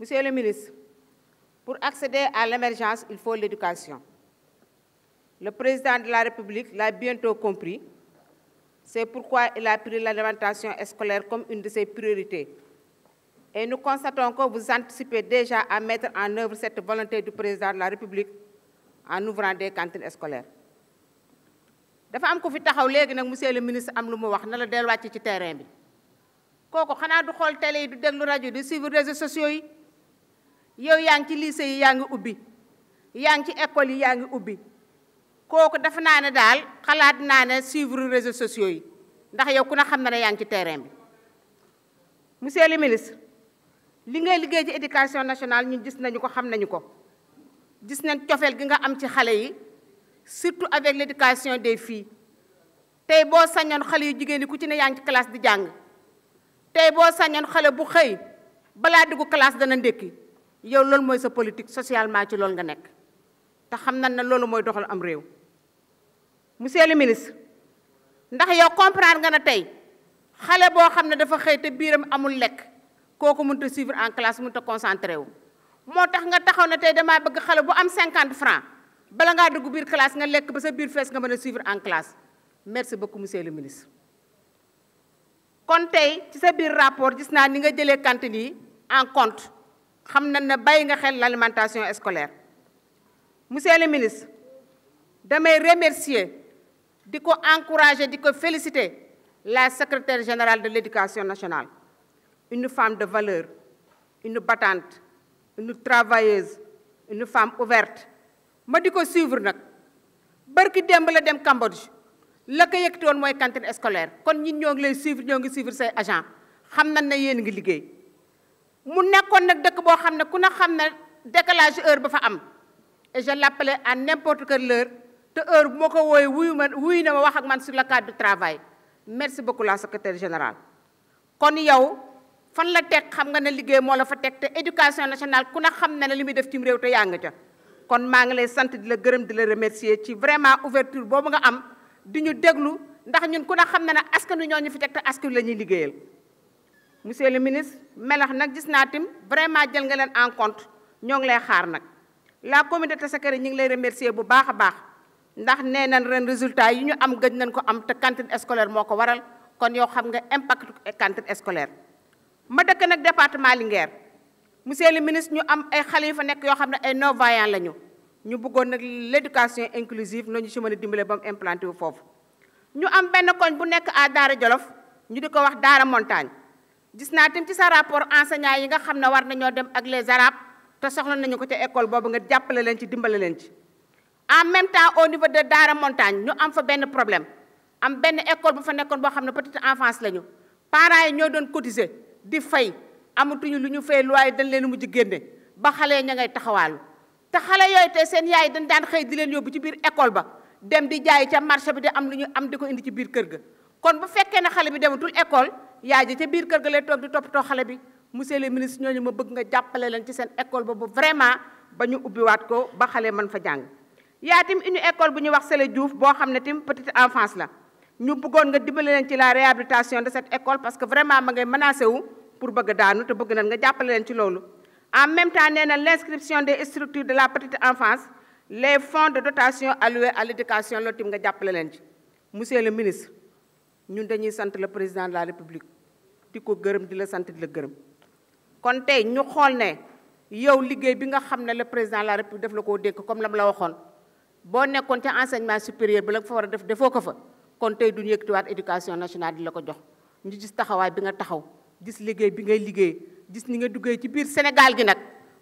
Monsieur le ministre, pour accéder à l'émergence, il faut l'éducation. Le président de la République l'a bientôt compris. C'est pourquoi il a pris l'alimentation scolaire comme une de ses priorités. Et nous constatons que vous anticipez déjà à mettre en œuvre cette volonté du président de la République en ouvrant des cantines scolaires. dafa am le ministre am terrain télé réseaux sociaux yow yaa ngi ci lycée yi yaa ngi ubbi yaa ngi ci école yi yaa ngi ubbi kooku dafa naa ne daal xalaat naa ne suivre réseau sociaux yi ndax yow ku ne xam na ne yaa ngi ci terrain bi monsieur le ministre li ngay liggéey ci éducation nationale ñun gis nañu ko xam nañu ko gis nañ cofeel gi nga am ci xale yi surtout avec l' éducation des filles tey boo sañoon xale yu jigéen yi ku ci ne yaa ngi ci classe di jàng tey boo sañoon xale bu xëy balaa dugg classe dana ndékki yow loolu mooy sa politique socialement ci loolu nga nekk te xam na loolu mooy doxal am réew monsieur le ministre ndax yow comprendre nga ne tey xale boo xam ne dafa xëy te biiram amul lekk kooku mun te suivre en classe mënut a concentré wu moo tax nga taxaw ne tey damaa bëgg xale bu am cinquante francs bala ngaa dugg biir classe nga lekk ba sa biir fees nga mën a suivre en classe merci beaucoup monsieur le ministre kon tey ci sa biir rapport gis naa ni nga jëlee cantine yi en compte xam nañ ne bàyyi nga xel l'alimentation scolaire monsieur le ministre je remercier di ko encourager di féliciter la secrétaire générale de l'éducation nationale une femme de valeur une battante une travailleuse une femme ouverte ma di ko suivre nag barki démb la dem Cambodge la ko yëkkati woon mooy cantine scolaire kon ñin ñoo ngi lay suivre ñoo ngi suivre say agent xam nañ ne yéen ngi mu nekkoon nag dëkk boo xam ne ku ne xam ne décalage heure ba fa am et je l'appelais à n'importe quelle te heure bu ma ko wooyee wuyu ma wuyu na ma wax ak man sur la cadre du travail merci beaucoup secretaire général générale kon yow fan la teg xam nga ne liggéey moo la fa teg te éducation nationale ku ne xam ne ne li muy def cim réew te yaa ngi ca kon maa ngi lay sant di la gërëm di la remercier ci vraiment ouverture boobu nga am di ñu déglu ndax ñun ku ne xam ne na askan wi ñoo ñu fi teg te askan ñuy liggéeyal monsieur le ministre melax nag gis naa tim vraiment jël nga leen en compte ñoo ngi lay xaar nag la communauté Sakari ñi ngi lay remercier bu baax a baax ndax nee nañ ren résultat yi ñu am gëj nañ ko am te cantine scolaire moo ko waral kon yow xam nga impact cantine scolaire ma dëkk nag département Linguère monsieur le ministre ñu am ay xale nekk yoo xam ne ay non-voyants la ñu ñu bëggoon nag l'éducation inclusive nañu si mën a dimbale ba mu wu foofu ñu am benn koñ bu nekk à Daara Jolof ñu di ko wax Daara Montagne gis naa tam ci sa rapport enseignant yi nga xam ne war nañoo dem ak les arabes te soxla nañu ko ca école boobu nga jàppale leen ci dimbale leen ci. en même temps au niveau de Daara Montagne ñu am fa benn problème am benn école bu fa nekkoon boo xam ne petite enfance lañu parents yi ñoo doon cotiser di fay amatuñu lu ñu lu waaye dañ leen mujj génne ba xale ña ngay taxawaalu te xale yooyu tey seen yaay dañ daan xëy di leen yóbbu ci biir école ba dem di jaay ca marché bi di am lu ñu am di ko indi ci biir kër ga kon bu fekkee ne xale bi dematul école. yaay ji ca biir kër ga lay toog di toppatoo xale bi monsieur le ministre ñooñu ma bëgg nga jàppale leen ci seen école boobu vraiment ba ñu ubbiwaat ko ba xale man fa jàng yaa tim une école bu ñu wax Sele Diouf boo xam ne tim petite enfance la ñu bëggoon nga dimbale leen ci la réhabilitation de cette école parce que vraiment ma ngay menacé wu pour bëgg daanu te bëgg nañ nga jàppale leen ci loolu en même temps nee na l' inscription des structures de la petite enfance les fonds de dotation alloués à l' éducation loolu tim nga jàppale leen ci monsieur le ministre ñun dañuy sant la président de la république di ko gërëm di la sant di la gërëm kon tey ñu xool ne yow liggéey bi nga xam ne la président de la république daf la koo dékk comme la mu la waxoon boo nekkoon ca enseignement supérieur bi la nga war a def defoo ko fa kon tey duñu yëkkatiwaat éducation nationale di la ko jox ñu gis taxawaay bi nga taxaw gis liggéey bi ngay liggéey gis ni nga duggee ci biir Sénégal gi nag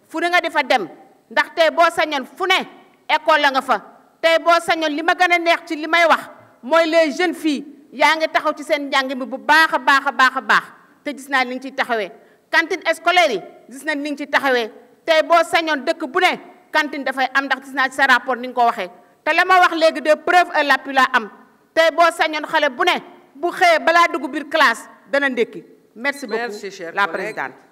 fu ne nga defa dem ndax tey boo sañoon fu ne école la nga fa tey boo sañoon li ma gën a neex ci li may wax mooy les jeunes filles yaa ngi taxaw ci seen njàng mi bu baax a baax a baax a baax te gis naa ni nga ciy taxawee cantine scolaire yi gis na ni nga ciy taxawee tey boo sañoon dëkk bu ne cantine dafay am ndax gis naa ci sa rapport ni nga ko waxee te la ma wax léegi de preuve a l'appui la am tey boo sañoon xale bu ne bu xëyee balaa dugg biir classe dana ndékki merci beaucoup la présidente